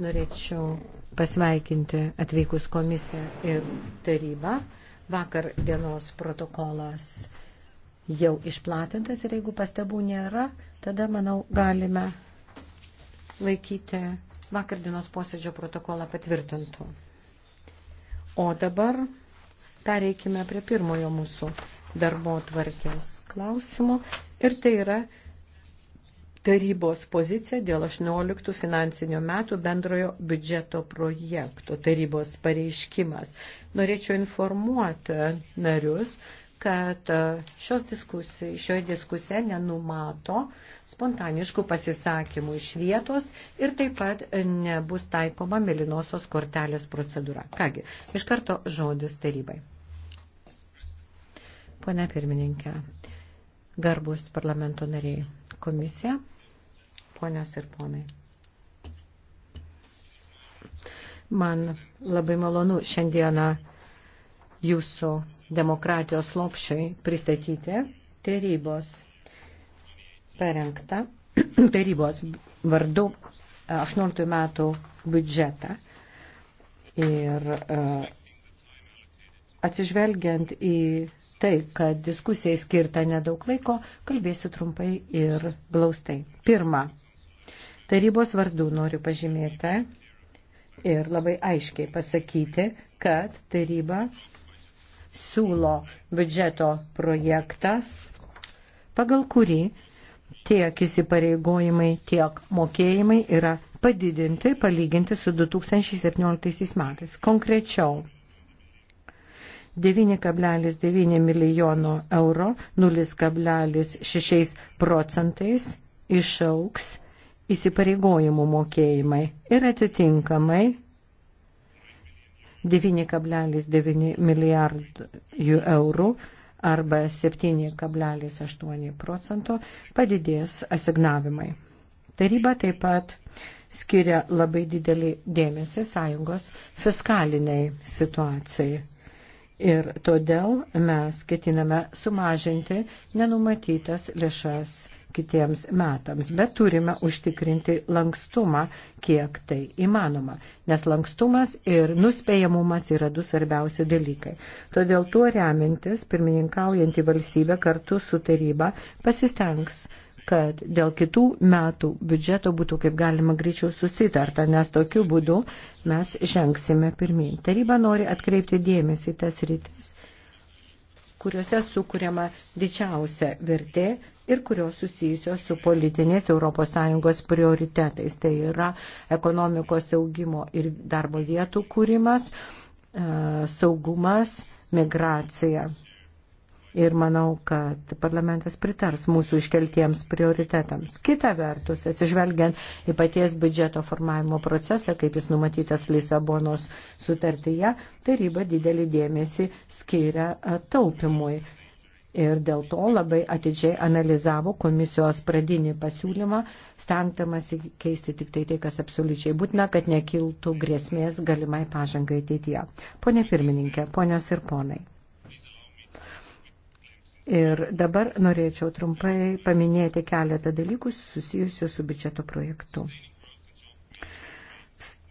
Norėčiau pasveikinti atvykus komisiją ir tarybą. Vakar dienos protokolas jau išplatintas ir jeigu pastabų nėra, tada, manau, galime laikyti vakar dienos posėdžio protokolą patvirtintų. O dabar pereikime prie pirmojo mūsų darbo tvarkės klausimo ir tai yra tarybos poziciją dėl 18 finansinio metų bendrojo biudžeto projekto tarybos pareiškimas. Norėčiau informuoti narius, kad e, šios diskusijos, šioje diskusijoje nenumato spontaniškų pasisakymų iš vietos ir taip pat nebus taikoma melinosios kortelės procedūra. Kągi, iš karto žodis tarybai. Pone pirmininkė, garbus parlamento nariai komisija, ponios ir ponai. Man labai malonu šiandieną jūsų demokratijos lopšiai pristatyti tarybos parengtą tarybos vardu 18 e, metų biudžetą. Ir uh, Atsižvelgiant į tai, kad diskusijai skirta nedaug laiko, kalbėsiu trumpai ir glaustai. Pirma, tarybos vardu noriu pažymėti ir labai aiškiai pasakyti, kad taryba siūlo biudžeto projektą, pagal kurį tiek įsipareigojimai, tiek mokėjimai yra padidinti palyginti su 2017 metais. Konkrečiau, 9,9 milijono euro 0,6 procentais išauks įsipareigojimų mokėjimai ir atitinkamai 9,9 milijardų eurų arba 7,8 procento padidės asignavimai. Taryba taip pat skiria labai didelį dėmesį sąjungos fiskaliniai situacijai. Ir todėl mes ketiname sumažinti nenumatytas lėšas kitiems metams, bet turime užtikrinti lankstumą, kiek tai įmanoma, nes lankstumas ir nuspėjamumas yra du svarbiausi dalykai. Todėl tuo remintis pirmininkaujantį valstybę kartu su taryba pasistengs kad dėl kitų metų biudžeto būtų kaip galima greičiau susitarta, nes tokiu būdu mes žengsime pirmin. Taryba nori atkreipti dėmesį tas rytis, kuriuose sukūriama didžiausia vertė ir kurios susijusios su politinės ES prioritetais. Tai yra ekonomikos augimo ir darbo vietų kūrimas, e, saugumas, migracija ir manau, kad parlamentas pritars mūsų iškeltiems prioritetams. Kita vertus, atsižvelgiant į paties biudžeto formavimo procesą, kaip jis numatytas Lisabonos sutartyje, taryba didelį dėmesį skiria taupimui. Ir dėl to labai atidžiai analizavo komisijos pradinį pasiūlymą, stengtamas keisti tik tai tai, kas absoliučiai būtina, kad nekiltų grėsmės galimai pažangai ateityje. Pone pirmininkė, ponios ir ponai. Ir dabar norėčiau trumpai paminėti keletą dalykų susijusių su biudžeto projektu.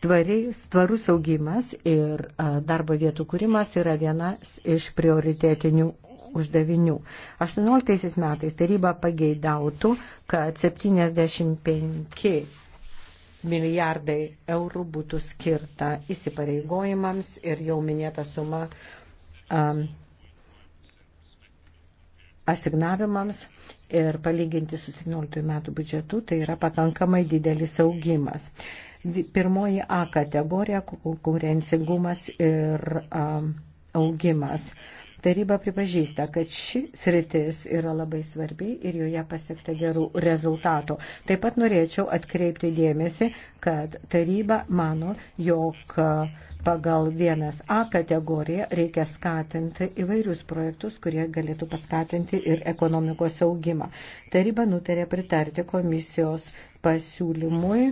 Tvariais, tvarus augimas ir darbo vietų kūrimas yra vienas iš prioritetinių uždavinių. 18 metais taryba pageidautų, kad 75 milijardai eurų būtų skirta įsipareigojimams ir jau minėta suma um, asignavimams ir palyginti su 17 metų biudžetu, tai yra pakankamai didelis augimas. Pirmoji A kategorija - konkurencingumas ir um, augimas. Taryba pripažįsta, kad ši sritis yra labai svarbi ir joje pasiekta gerų rezultatų. Taip pat norėčiau atkreipti dėmesį, kad taryba mano, jog pagal 1A kategoriją reikia skatinti įvairius projektus, kurie galėtų paskatinti ir ekonomikos augimą. Taryba nutarė pritarti komisijos pasiūlymui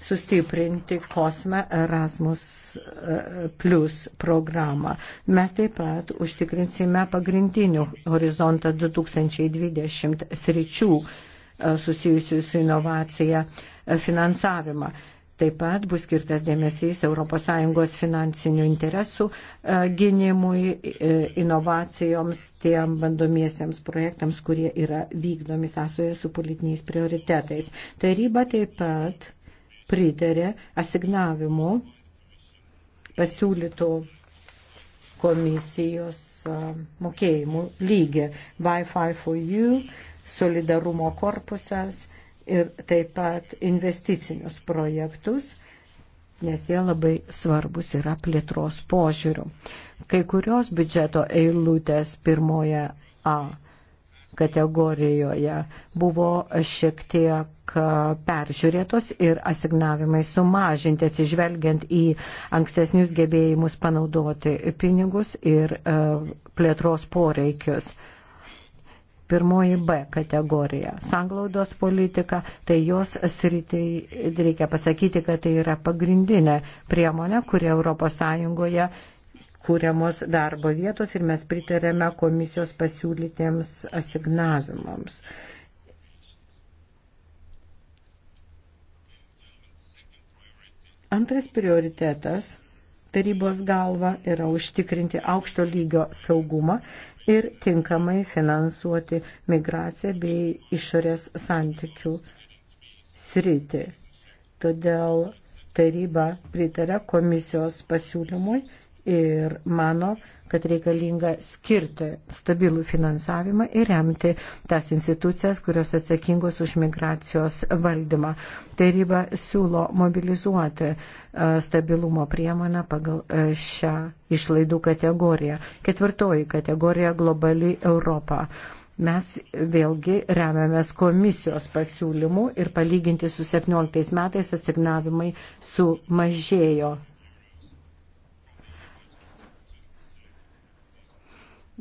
sustiprinti Kosme Erasmus e, Plus programą. Mes taip pat užtikrinsime pagrindinių horizontą 2020 sričių e, susijusių su inovacija e, finansavimą. Taip pat bus skirtas dėmesys ES finansinių interesų gynimui, inovacijoms, tiem bandomiesiems projektams, kurie yra vykdomi sąsoje su politiniais prioritetais. Taryba taip pat pritarė asignavimu pasiūlytų komisijos mokėjimų lygį Wi-Fi for You, solidarumo korpusas ir taip pat investicinius projektus, nes jie labai svarbus yra plėtros požiūrių. Kai kurios biudžeto eilutės pirmoje A kategorijoje buvo šiek tiek peržiūrėtos ir asignavimai sumažinti, atsižvelgiant į ankstesnius gebėjimus panaudoti pinigus ir e, plėtros poreikius. Pirmoji B kategorija - sanglaudos politika, tai jos sritai reikia pasakyti, kad tai yra pagrindinė priemonė, kuri ES kūriamos darbo vietos ir mes pritarėme komisijos pasiūlytiems asignavimams. Antras prioritetas tarybos galva yra užtikrinti aukšto lygio saugumą ir tinkamai finansuoti migraciją bei išorės santykių sritį. Todėl taryba pritarė komisijos pasiūlymui ir mano, kad reikalinga skirti stabilų finansavimą ir remti tas institucijas, kurios atsakingos už migracijos valdymą. Taryba siūlo mobilizuoti e, stabilumo priemonę pagal e, šią išlaidų kategoriją. Ketvirtoji kategorija - globali Europa mes vėlgi remiamės komisijos pasiūlymų ir palyginti su 17 metais asignavimai sumažėjo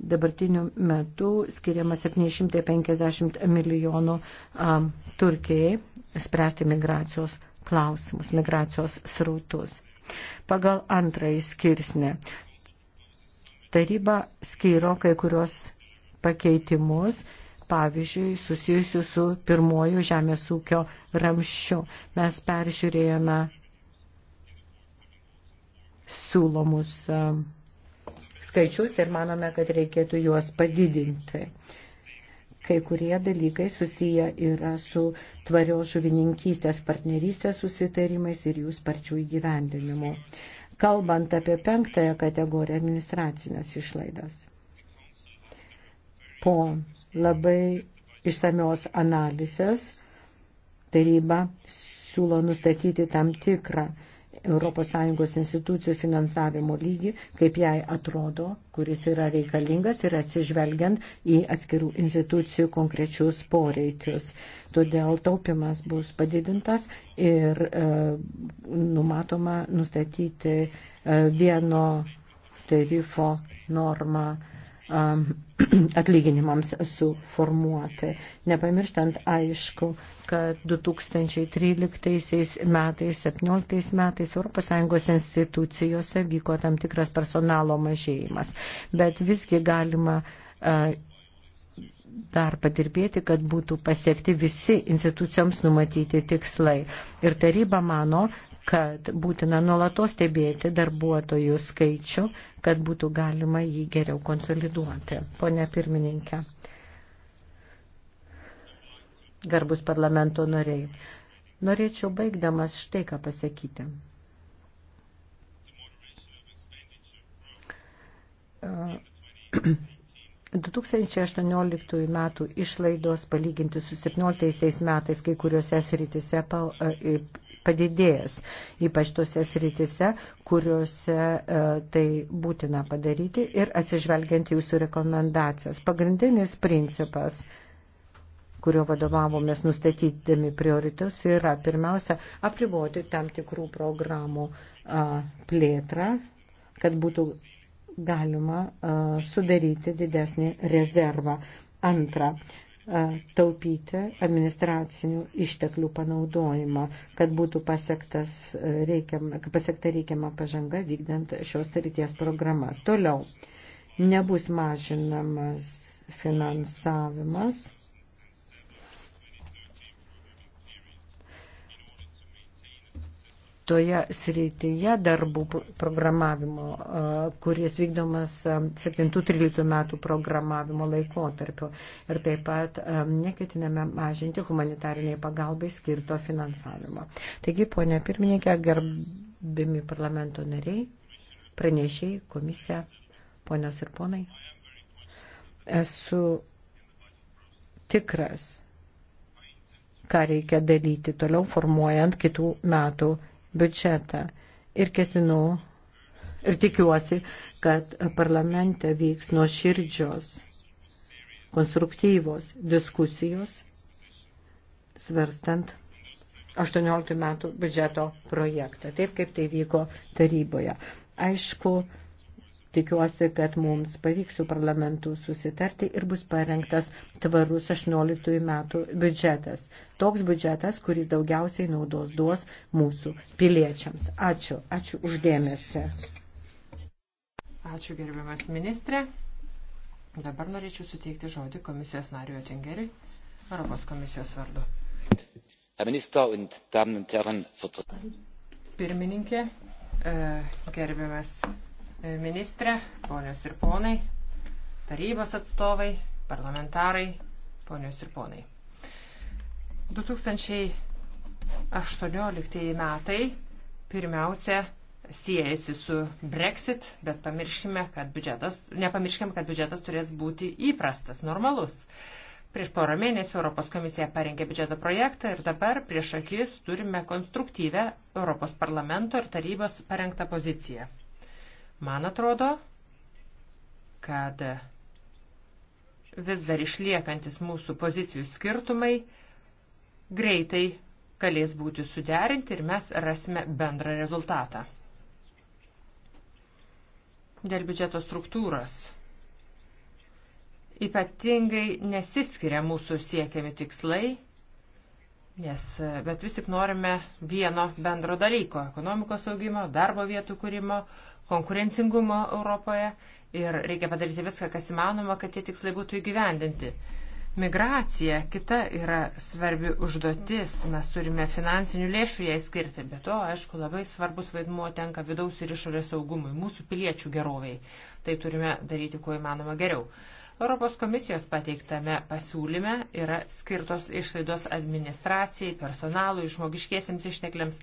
dabartiniu metu skiriama 750 milijonų um, Turkijai spręsti migracijos klausimus, migracijos srautus. Pagal antrąjį skirsnį taryba skyro kai kurios pakeitimus, pavyzdžiui, susijusių su pirmoju žemės ūkio ramščiu. Mes peržiūrėjome siūlomus. Um, skaičius ir manome, kad reikėtų juos padidinti. Kai kurie dalykai susiję yra su tvarios žuvininkystės partnerystės susitarimais ir jų sparčių įgyvendinimu. Kalbant apie penktąją kategoriją administracinės išlaidas. Po labai išsamios analizės taryba siūlo nustatyti tam tikrą ES institucijų finansavimo lygį, kaip jai atrodo, kuris yra reikalingas ir atsižvelgiant į atskirų institucijų konkrečius poreikius. Todėl taupimas bus padidintas ir e, numatoma nustatyti e, vieno tarifo normą atlyginimams suformuoti. Nepamirštant aišku, kad 2013 metais, 2017 metais ES institucijose vyko tam tikras personalo mažėjimas. Bet visgi galima dar padirbėti, kad būtų pasiekti visi institucijoms numatyti tikslai. Ir taryba mano, kad būtina nuolatos stebėti darbuotojų skaičių, kad būtų galima jį geriau konsoliduoti. Pone pirmininkė, garbus parlamento nariai, norėčiau baigdamas štai ką pasakyti. Uh, 2018 metų išlaidos palyginti su 17 metais kai kuriuose sritise e, padidėjęs, ypač tose sritise, kuriuose e, tai būtina padaryti ir atsižvelgiant jūsų rekomendacijas. Pagrindinis principas kurio vadovavomės nustatydami prioritus, yra pirmiausia apriboti tam tikrų programų a, e, plėtrą, kad būtų galima a, e, sudaryti didesnį rezervą. Antra, taupyti administracinių išteklių panaudojimo, kad būtų reikiam, pasiekta reikiama pažanga vykdant šios ryties programas. Toliau, nebus mažinamas finansavimas toje srityje darbų programavimo, kuris vykdomas 7-13 metų programavimo laikotarpiu. Ir taip pat neketiname mažinti humanitariniai pagalbai skirto finansavimo. Taigi, ponė pirmininkė, gerbimi parlamento nariai, pranešiai, komisija, ponios ir ponai, esu tikras, ką reikia daryti toliau formuojant kitų metų biudžetą ir ketinu ir tikiuosi, kad parlamente vyks nuoširdžios, konstruktyvos diskusijos svarstant 18 metų biudžeto projektą, taip kaip tai vyko taryboje. Aišku, Tikiuosi, kad mums pavyks su parlamentu susitarti ir bus parengtas tvarus 18 metų biudžetas. Toks biudžetas, kuris daugiausiai naudos duos mūsų piliečiams. Ačiū, ačiū uždėmesi. Ačiū gerbiamas ministrė. Dabar norėčiau suteikti žodį komisijos nariui Otingeriui, Europos komisijos vardu. Pirmininkė, e, gerbiamas E, ministrė, ponios ir ponai, tarybos atstovai, parlamentarai, ponios ir ponai. 2018 metai pirmiausia siejasi su Brexit, bet pamirškime, kad biudžetas, nepamirškime, kad biudžetas turės būti įprastas, normalus. Prieš porą mėnesių Europos komisija parengė biudžeto projektą ir dabar prieš akis turime konstruktyvę Europos parlamento ir tarybos parengtą poziciją. Man atrodo, kad vis dar išliekantis mūsų pozicijų skirtumai greitai galės būti suderinti ir mes rasime bendrą rezultatą. Dėl biudžeto struktūros. Ypatingai nesiskiria mūsų siekiami tikslai Nes, bet vis tik norime vieno bendro dalyko - ekonomikos augimo, darbo vietų kūrimo, konkurencingumo Europoje ir reikia padaryti viską, kas įmanoma, kad tie tikslai būtų įgyvendinti. Migracija kita yra svarbi užduotis, mes turime finansinių lėšų jai skirti, bet to, aišku, labai svarbus vaidmuo tenka vidaus ir išorės saugumui, mūsų piliečių geroviai. Tai turime daryti kuo įmanoma geriau. Europos komisijos pateiktame pasiūlyme yra skirtos išlaidos administracijai, personalui, žmogiškiesiems ištekliams.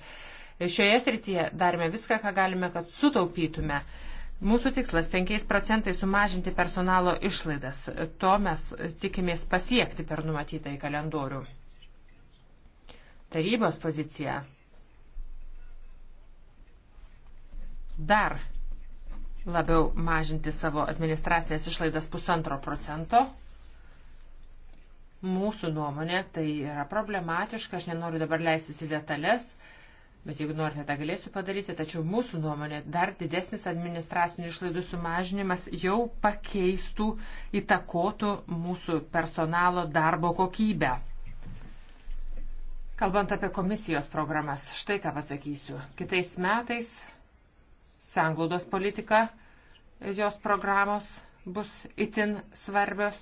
Šioje srityje darome viską, ką galime, kad sutaupytume. Mūsų tikslas 5 procentai sumažinti personalo išlaidas. To mes tikimės pasiekti per numatytą į kalendorių. Tarybos pozicija. Dar labiau mažinti savo administracinės išlaidas pusantro procento. Mūsų nuomonė tai yra problematiška, aš nenoriu dabar leistis į detalės, bet jeigu norite, tą galėsiu padaryti, tačiau mūsų nuomonė dar didesnis administracinių išlaidų sumažinimas jau pakeistų, įtakotų mūsų personalo darbo kokybę. Kalbant apie komisijos programas, štai ką pasakysiu. Kitais metais sanglaudos politika, jos programos bus itin svarbios,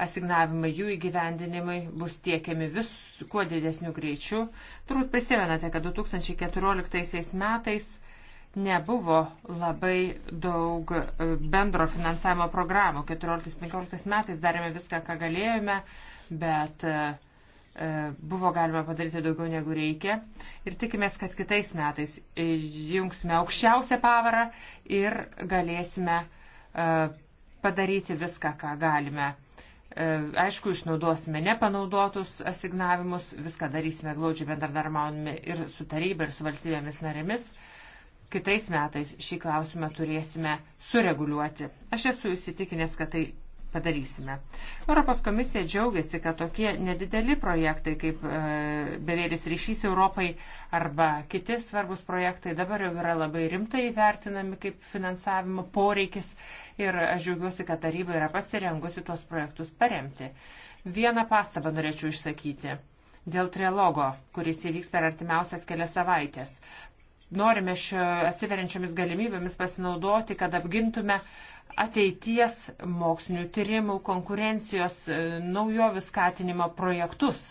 asignavimai jų įgyvendinimai bus tiekiami vis kuo didesniu greičiu. Turbūt prisimenate, kad 2014 metais nebuvo labai daug e, bendro finansavimo programų. 14-15 metais darėme viską, ką galėjome, bet uh, E, buvo galima padaryti daugiau negu reikia. Ir tikimės, kad kitais metais jungsime aukščiausią pavarą ir galėsime e, padaryti viską, ką galime. E, aišku, išnaudosime nepanaudotus asignavimus, viską darysime glaudžiai bendradarmaudami ir su taryba, ir su valstybėmis narėmis. Kitais metais šį klausimą turėsime sureguliuoti. Aš esu įsitikinęs, kad tai padarysime. Europos komisija džiaugiasi, kad tokie nedideli projektai kaip e, bevėlis ryšys Europai arba kiti svarbus projektai dabar jau yra labai rimtai vertinami kaip finansavimo poreikis ir aš džiaugiuosi, kad taryba yra pasirengusi tuos projektus paremti. Vieną pastabą norėčiau išsakyti. Dėl trilogo, kuris įvyks per artimiausias kelias savaitės norime šio atsiveriančiomis galimybėmis pasinaudoti, kad apgintume ateities mokslinių tyrimų, konkurencijos, e, naujovių skatinimo projektus.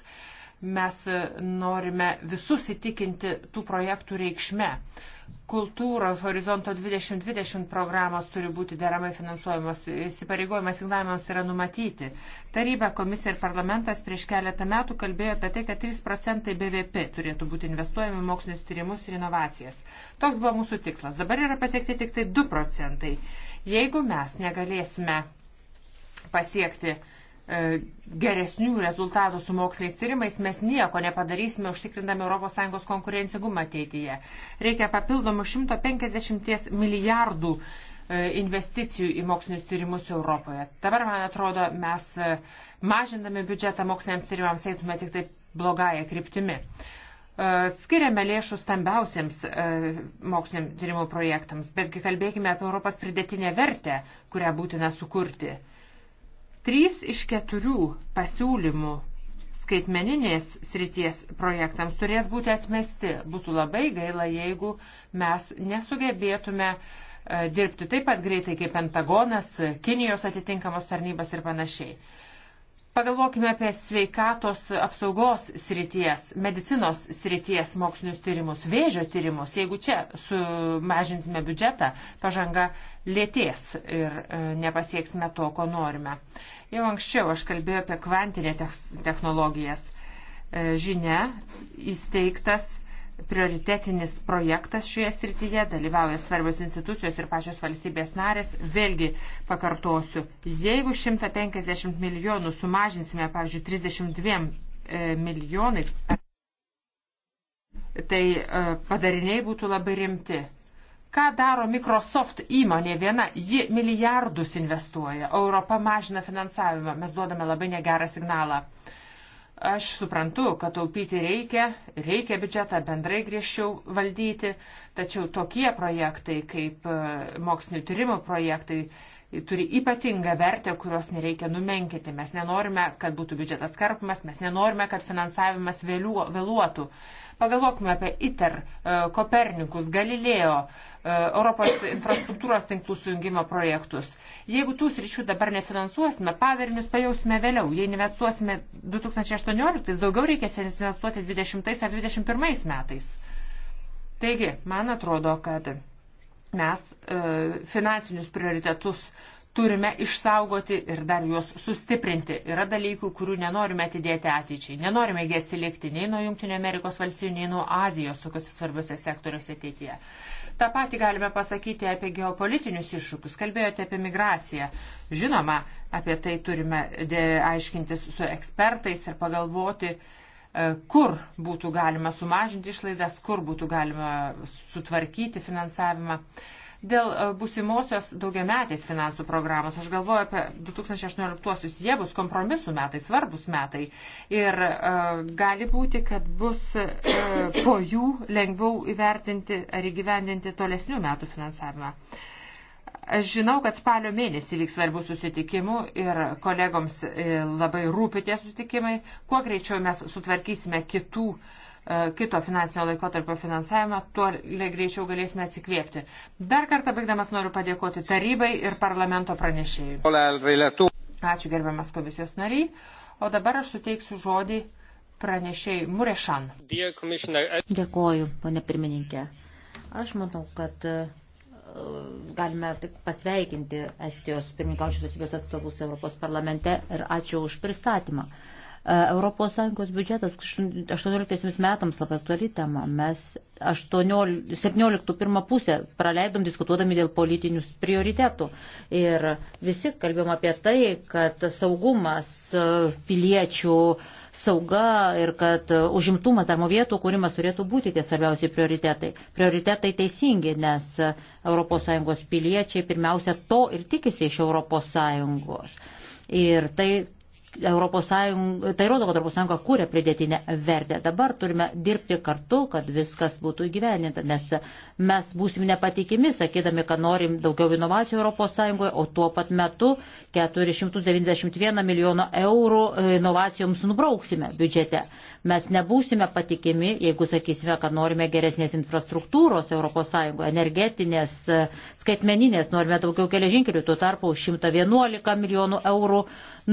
Mes e, norime visus įtikinti tų projektų reikšme. Kultūros horizonto 2020 programos turi būti deramai finansuojamos, įsipareigojimas signavimams yra numatyti. Taryba, komisija ir parlamentas prieš keletą metų kalbėjo apie tai, kad 3 procentai BVP turėtų būti investuojami mokslinius tyrimus ir inovacijas. Toks buvo mūsų tikslas. Dabar yra pasiekti tik tai 2 procentai. Jeigu mes negalėsime pasiekti e, geresnių rezultatų su moksliniais tyrimais, mes nieko nepadarysime užtikrindami ES konkurencingumą ateityje. Reikia papildomų 150 milijardų e, investicijų į mokslinius tyrimus Europoje. Dabar, man atrodo, mes e, mažindami biudžetą moksliniams tyrimams eitume tik taip blogąją kryptimi. Uh, E, skiriame lėšų stambiausiems e, moksliniam tyrimų projektams, betgi kalbėkime apie Europos pridėtinę vertę, kurią būtina sukurti. Trys iš keturių pasiūlymų skaitmeninės srities projektams turės būti atmesti. Būtų labai gaila, jeigu mes nesugebėtume e, dirbti taip pat greitai kaip Pentagonas, Kinijos atitinkamos tarnybos ir panašiai. Pagalvokime apie sveikatos apsaugos srities, medicinos srities mokslinius tyrimus, vėžio tyrimus. Jeigu čia sumažinsime biudžetą, pažanga lėties ir e, nepasieksime to, ko norime. Jau anksčiau aš kalbėjau apie kvantinę technologijas. E, žinia, įsteigtas prioritetinis projektas šioje srityje, dalyvauja svarbios institucijos ir pačios valstybės narės. Vėlgi pakartosiu, jeigu 150 milijonų sumažinsime, pavyzdžiui, 32 e, milijonais, tai e, padariniai būtų labai rimti. Ką daro Microsoft įmonė viena? Ji milijardus investuoja, Europa mažina finansavimą, mes duodame labai negerą signalą. Uh, Aš suprantu, kad taupyti reikia, reikia biudžetą bendrai griežčiau valdyti, tačiau tokie projektai kaip e, mokslinių tyrimų projektai turi ypatingą vertę, kurios nereikia numenkinti. Mes nenorime, kad būtų biudžetas karpimas, mes nenorime, kad finansavimas vėliu, vėluotų. Pagalvokime apie ITER, e, Kopernikus, Galilėjo, e, Europos infrastruktūros tinklų sujungimo projektus. Jeigu tų sričių dabar nefinansuosime, padarinius pajausime vėliau. Jei investuosime 2018, daugiau reikės investuoti 2020 ar 2021 metais. Taigi, man atrodo, kad mes e, finansinius prioritetus turime išsaugoti ir dar juos sustiprinti. Yra dalykų, kurių nenorime atidėti ateičiai. Nenorime jie atsilikti nei nuo Junktinio Amerikos valstybių, nei nuo Azijos, tokiuose svarbiuose sektoriuose ateityje. Ta pati galime pasakyti apie geopolitinius iššūkius. Kalbėjote apie migraciją. Žinoma, apie tai turime aiškintis su ekspertais ir pagalvoti, uh, E, kur būtų galima sumažinti išlaidas, kur būtų galima sutvarkyti finansavimą. Dėl e, busimosios daugiametės finansų programos, aš galvoju apie 2018-uosius, jie bus kompromisų metai, svarbus metai ir uh, gali būti, kad bus uh, po jų lengviau įvertinti ar įgyvendinti tolesnių metų finansavimą. Uh, Aš žinau, kad spalio mėnesį vyks svarbių susitikimų ir kolegoms e, labai rūpi tie susitikimai. Kuo greičiau mes sutvarkysime kitų, e, kito finansinio laikotarpio finansavimą, tuo greičiau galėsime atsikvėpti. Dar kartą baigdamas noriu padėkoti tarybai ir parlamento pranešėjai. Ačiū gerbiamas komisijos nariai. O dabar aš suteiksiu žodį pranešėjai Murešan. Dėkoju, ponė pirmininkė. Aš manau, kad galime tik pasveikinti Estijos pirmininkaučios valstybės atstovus Europos parlamente ir ačiū už pristatymą. ES biudžetas 18 metams labai aktuali tema. Mes 18, 17 pirmą pusę praleidom diskutuodami dėl politinių prioritetų. Ir visi kalbėjom apie tai, kad saugumas e, piliečių uh, sauga ir kad užimtumas darbo vietų kūrimas turėtų būti tie svarbiausi prioritetai. Prioritetai teisingi, nes ES piliečiai pirmiausia to ir tikisi iš ES. Ir tai ES, tai rodo, kad ES kūrė pridėtinę vertę. Dabar turime dirbti kartu, kad viskas būtų įgyveninta, nes mes būsim nepatikimi, sakydami, kad norim daugiau inovacijų ES, o tuo pat metu 491 milijoną eurų e, inovacijoms nubrauksime biudžete. Mes nebūsime patikimi, jeigu sakysime, kad norime geresnės infrastruktūros ES, energetinės, e, skaitmeninės, norime daugiau geležinkelių, tuo tarpu 111 milijonų eurų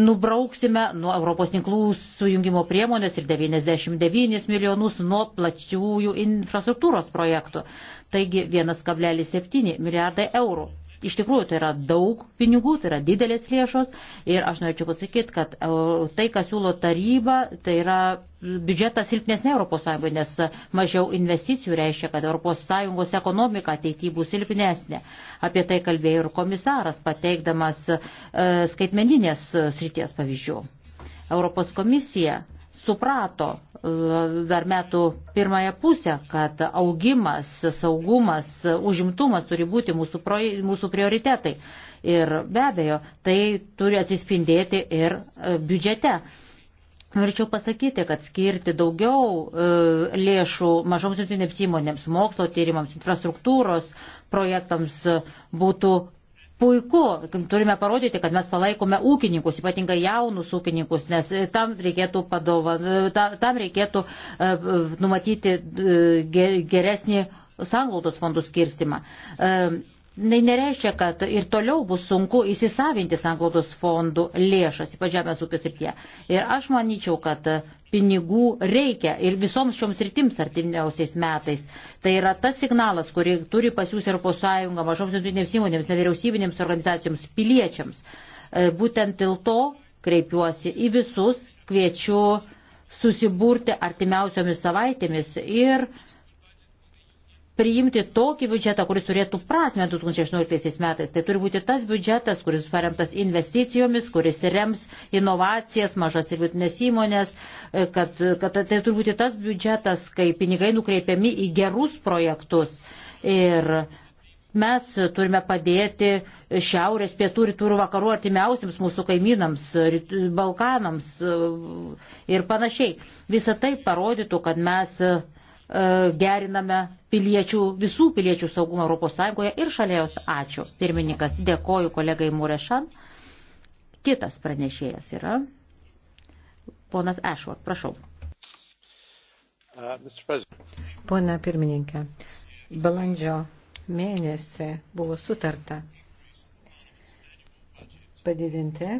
nubrauksime nuo Europos tinklų sujungimo priemonės ir 99 milijonus nuo plačiųjų infrastruktūros projektų. Taigi 1,7 milijardai eurų. Iš tikrųjų, tai yra daug pinigų, tai yra didelės lėšos ir aš norėčiau pasakyti, kad e, tai, ką siūlo taryba, tai yra biudžetas silpnesnė ES, nes mažiau investicijų reiškia, kad ES ekonomika ateityje bus silpnesnė. Apie tai kalbėjo ir komisaras, pateikdamas e, skaitmeninės srities pavyzdžių. Europos komisija suprato e, dar metų pirmąją pusę, kad augimas, saugumas, užimtumas turi būti mūsų, proje, mūsų prioritetai. Ir be abejo, tai turi atsispindėti ir e, biudžete. Norėčiau pasakyti, kad skirti daugiau e, lėšų mažoms jungtinėms įmonėms, mokslo tyrimams, infrastruktūros projektams e, būtų puiku, turime parodyti, kad mes palaikome ūkininkus, ypatingai jaunus ūkininkus, nes e, tam reikėtų, padova, e, tam reikėtų e, numatyti geresnį sanglaudos fondų skirstimą. Tai nereiškia, kad ir toliau bus sunku įsisavinti sanglaudos fondų lėšas, ypač žemės ūkio srityje. Ir aš manyčiau, kad pinigų reikia ir visoms šioms rytims artimiausiais metais. Tai yra tas signalas, kurį turi pasiūsti Europos Sąjunga mažoms vidutinėms įmonėms, nevyriausybinėms organizacijoms, piliečiams. E, būtent dėl to kreipiuosi į visus, kviečiu susiburti artimiausiomis savaitėmis ir uh, priimti tokį biudžetą, kuris turėtų prasme 2018 metais. Tai turi būti tas biudžetas, kuris paremtas investicijomis, kuris rems inovacijas, mažas ir vidutinės įmonės, e, kad, kad tai, tai turi būti tas biudžetas, kai pinigai nukreipiami į gerus projektus. Ir mes turime padėti šiaurės, pietų, rytų ir vakarų artimiausiams mūsų kaimynams, Balkanams e, ir panašiai. Visą tai parodytų, kad mes E, geriname piliečių, visų piliečių saugumą ES ir šalia jos ačiū. Pirmininkas, dėkoju kolegai Murešan. Kitas pranešėjas yra ponas Ešvart, prašau. Uh, Pone pirmininkė, balandžio mėnesį buvo sutarta padidinti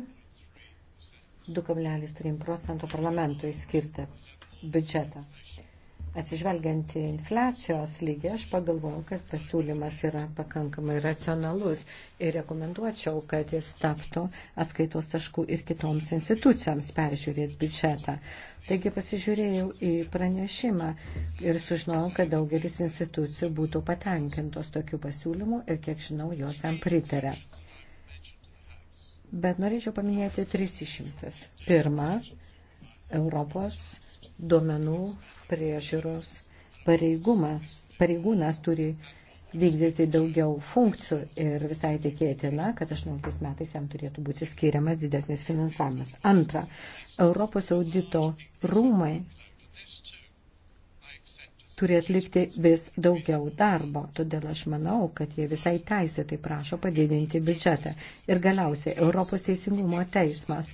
2,3 procentų parlamentui skirtą biudžetą. Atsižvelgiant į infliacijos lygį, aš pagalvojau, kad pasiūlymas yra pakankamai racionalus ir rekomenduočiau, kad jis taptų atskaitos taškų ir kitoms institucijoms peržiūrėti biudžetą. Taigi pasižiūrėjau į pranešimą ir sužinojau, kad daugelis institucijų būtų patenkintos tokiu pasiūlymu ir, kiek žinau, jos jam pritarė. Bet norėčiau paminėti tris išimtis. Pirma, Europos duomenų priežiūros pareigumas, pareigūnas turi vykdyti daugiau funkcijų ir visai tikėtina, kad 18 metais jam turėtų būti skiriamas didesnis finansavimas. Antra, Europos audito rūmai turi atlikti vis daugiau darbo, todėl aš manau, kad jie visai teisėtai prašo padidinti biudžetą. Ir galiausiai Europos teisingumo teismas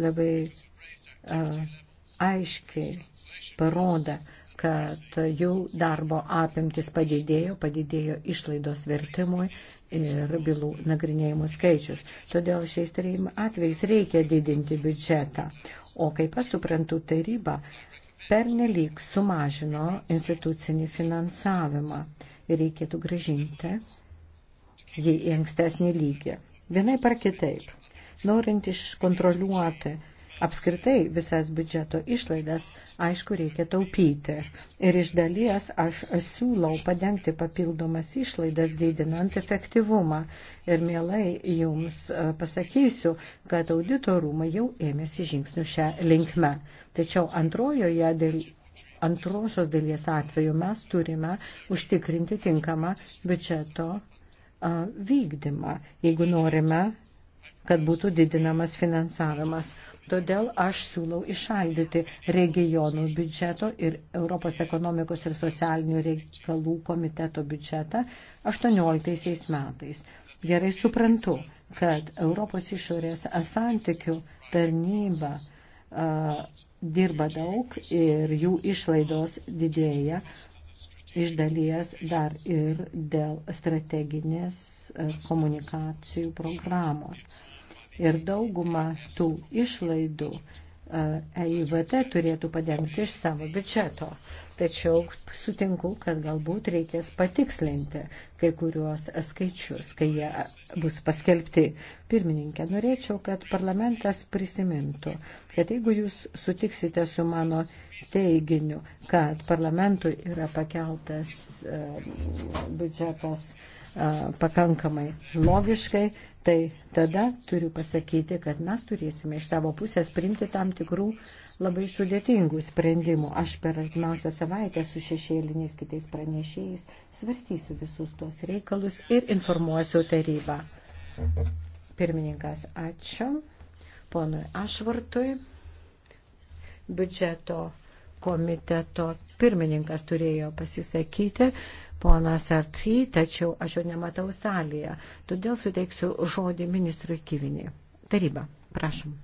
labai uh, aiškiai parodo, kad jų darbo apimtis padidėjo, padidėjo išlaidos vertimui ir bylų nagrinėjimų skaičius. Todėl šiais atvejais reikia didinti biudžetą. O kaip aš suprantu, taryba pernelyg sumažino institucinį finansavimą ir reikėtų gražinti jį į ankstesnį lygį. Vienai par kitaip, norint iškontroliuoti apskritai visas biudžeto išlaidas, aišku, reikia taupyti. Ir iš dalies aš siūlau padengti papildomas išlaidas, didinant efektyvumą. Ir mielai jums e, pasakysiu, kad auditorumai jau ėmėsi žingsnių šią linkmę. Tačiau antrojoje dėl. Antrosios dalies atveju mes turime užtikrinti tinkamą biudžeto e, vykdymą, jeigu norime, kad būtų didinamas finansavimas. Todėl aš siūlau išaldyti regionų biudžeto ir Europos ekonomikos ir socialinių reikalų komiteto biudžetą 18 metais. Gerai suprantu, kad Europos išorės santykių tarnyba a, dirba daug ir jų išlaidos didėja iš dalies dar ir dėl strateginės komunikacijų programos ir daugumą tų išlaidų EIVT e turėtų padengti iš savo biudžeto. Tačiau sutinku, kad galbūt reikės patikslinti kai kuriuos skaičius, kai jie bus paskelbti. Pirmininkė, norėčiau, kad parlamentas prisimintų, kad jeigu jūs sutiksite su mano teiginiu, kad parlamentui yra pakeltas uh, biudžetas uh, pakankamai logiškai, tai tada turiu pasakyti, kad mes turėsime iš savo pusės priimti tam tikrų labai sudėtingų sprendimų. Aš per artimiausią savaitę su šešėliniais kitais pranešėjais svarstysiu visus tuos reikalus ir informuosiu tarybą. Pirmininkas, ačiū. Ponui Ašvartui, biudžeto komiteto pirmininkas turėjo pasisakyti ponas Artry, tačiau aš jo nematau salėje. Todėl suteiksiu žodį ministrui Kivinį. Taryba, prašom.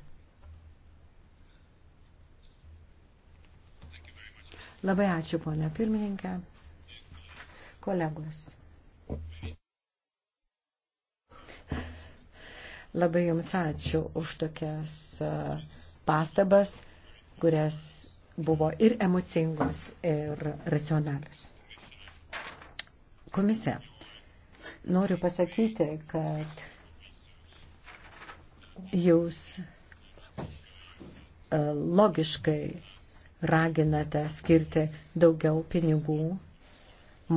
Labai ačiū, ponia pirmininkė. Kolegos. Labai Jums ačiū už tokias pastabas, kurias buvo ir emocingos, ir racionalios komisija. Noriu pasakyti, kad jūs e, logiškai raginate skirti daugiau pinigų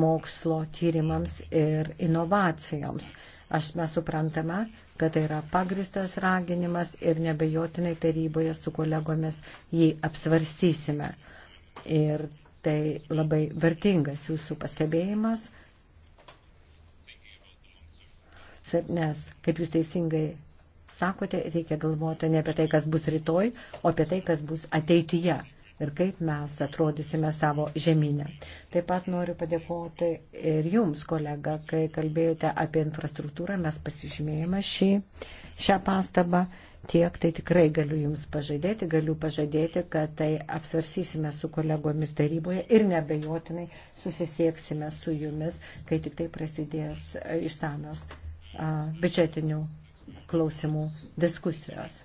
mokslo tyrimams ir inovacijoms. Aš mes suprantame, kad tai yra pagristas raginimas ir nebejotinai taryboje su kolegomis jį apsvarstysime. Ir tai labai vertingas jūsų pastebėjimas, nes, kaip jūs teisingai sakote, reikia galvoti ne apie tai, kas bus rytoj, o apie tai, kas bus ateityje ir kaip mes atrodysime savo žemynę. Taip pat noriu padėkoti ir jums, kolega, kai kalbėjote apie infrastruktūrą, mes pasižymėjome šį, šią pastabą. Tiek tai tikrai galiu Jums pažadėti, galiu pažadėti, kad tai apsvarsysime su kolegomis taryboje ir nebejotinai susisieksime su Jumis, kai tik tai prasidės e, išsamios biudžetinių klausimų diskusijos.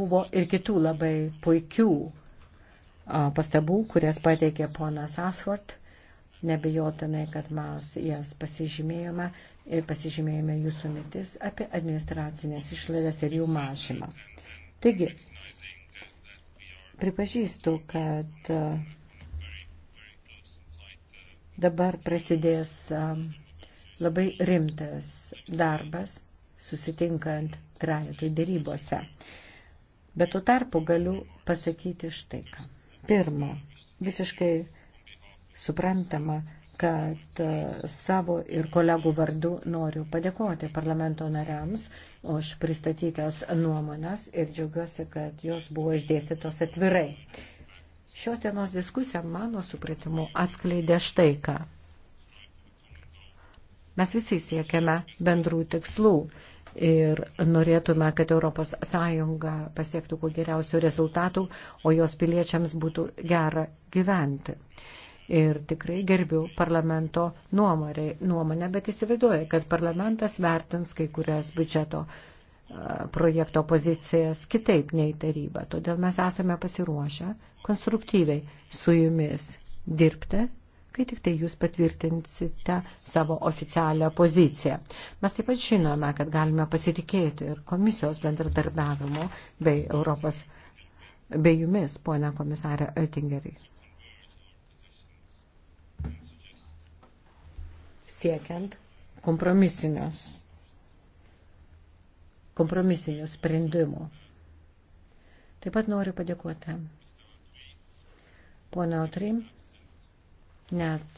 Buvo ir kitų labai puikių pastabų, kurias pateikė ponas Asford. Nebejotinai, kad mes jas pasižymėjome ir pasižymėjome jūsų mintis apie administracinės išlaidas ir jų mažymą. Taigi, pripažįstu, kad dabar prasidės labai rimtas darbas susitinkant trajetų dėrybose. Bet tuo tarpu galiu pasakyti štai ką. Pirma, visiškai suprantama, kad e, savo ir kolegų vardu noriu padėkoti parlamento nariams už pristatytas nuomonės ir džiaugiuosi, kad jos buvo išdėstytos atvirai. Šios dienos diskusija, mano supratimu, atskleidė štai ką. Mes visi siekiame bendrų tikslų ir norėtume, kad ES pasiektų kuo geriausių rezultatų, o jos piliečiams būtų gera gyventi. Ir tikrai gerbiu parlamento nuomonę, nuomonę bet įsivaizduoju, kad parlamentas vertins kai kurias biudžeto projekto pozicijas kitaip nei taryba. Todėl mes esame pasiruošę konstruktyviai su jumis dirbti kai tik tai jūs patvirtinsite savo oficialią poziciją. Mes taip pat žinome, kad galime pasitikėti ir komisijos bendradarbiavimu bei Europos bei jumis, ponia komisarė Oettingeriai. Siekiant kompromisinius, kompromisinių sprendimų. Taip pat noriu padėkoti ponio Trim net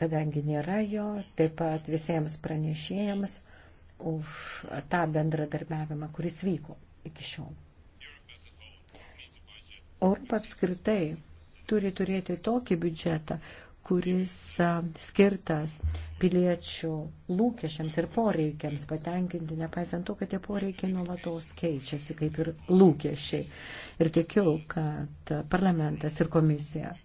kadangi nėra jos, taip pat visiems pranešėjams už tą bendradarbiavimą, kuris vyko iki šiol. Europa apskritai turi turėti tokį biudžetą, kuris skirtas piliečių lūkesčiams ir poreikiams patenkinti, nepaisant to, kad tie poreikiai nuolatos keičiasi, kaip ir lūkesčiai. Ir tikiu, kad parlamentas ir komisija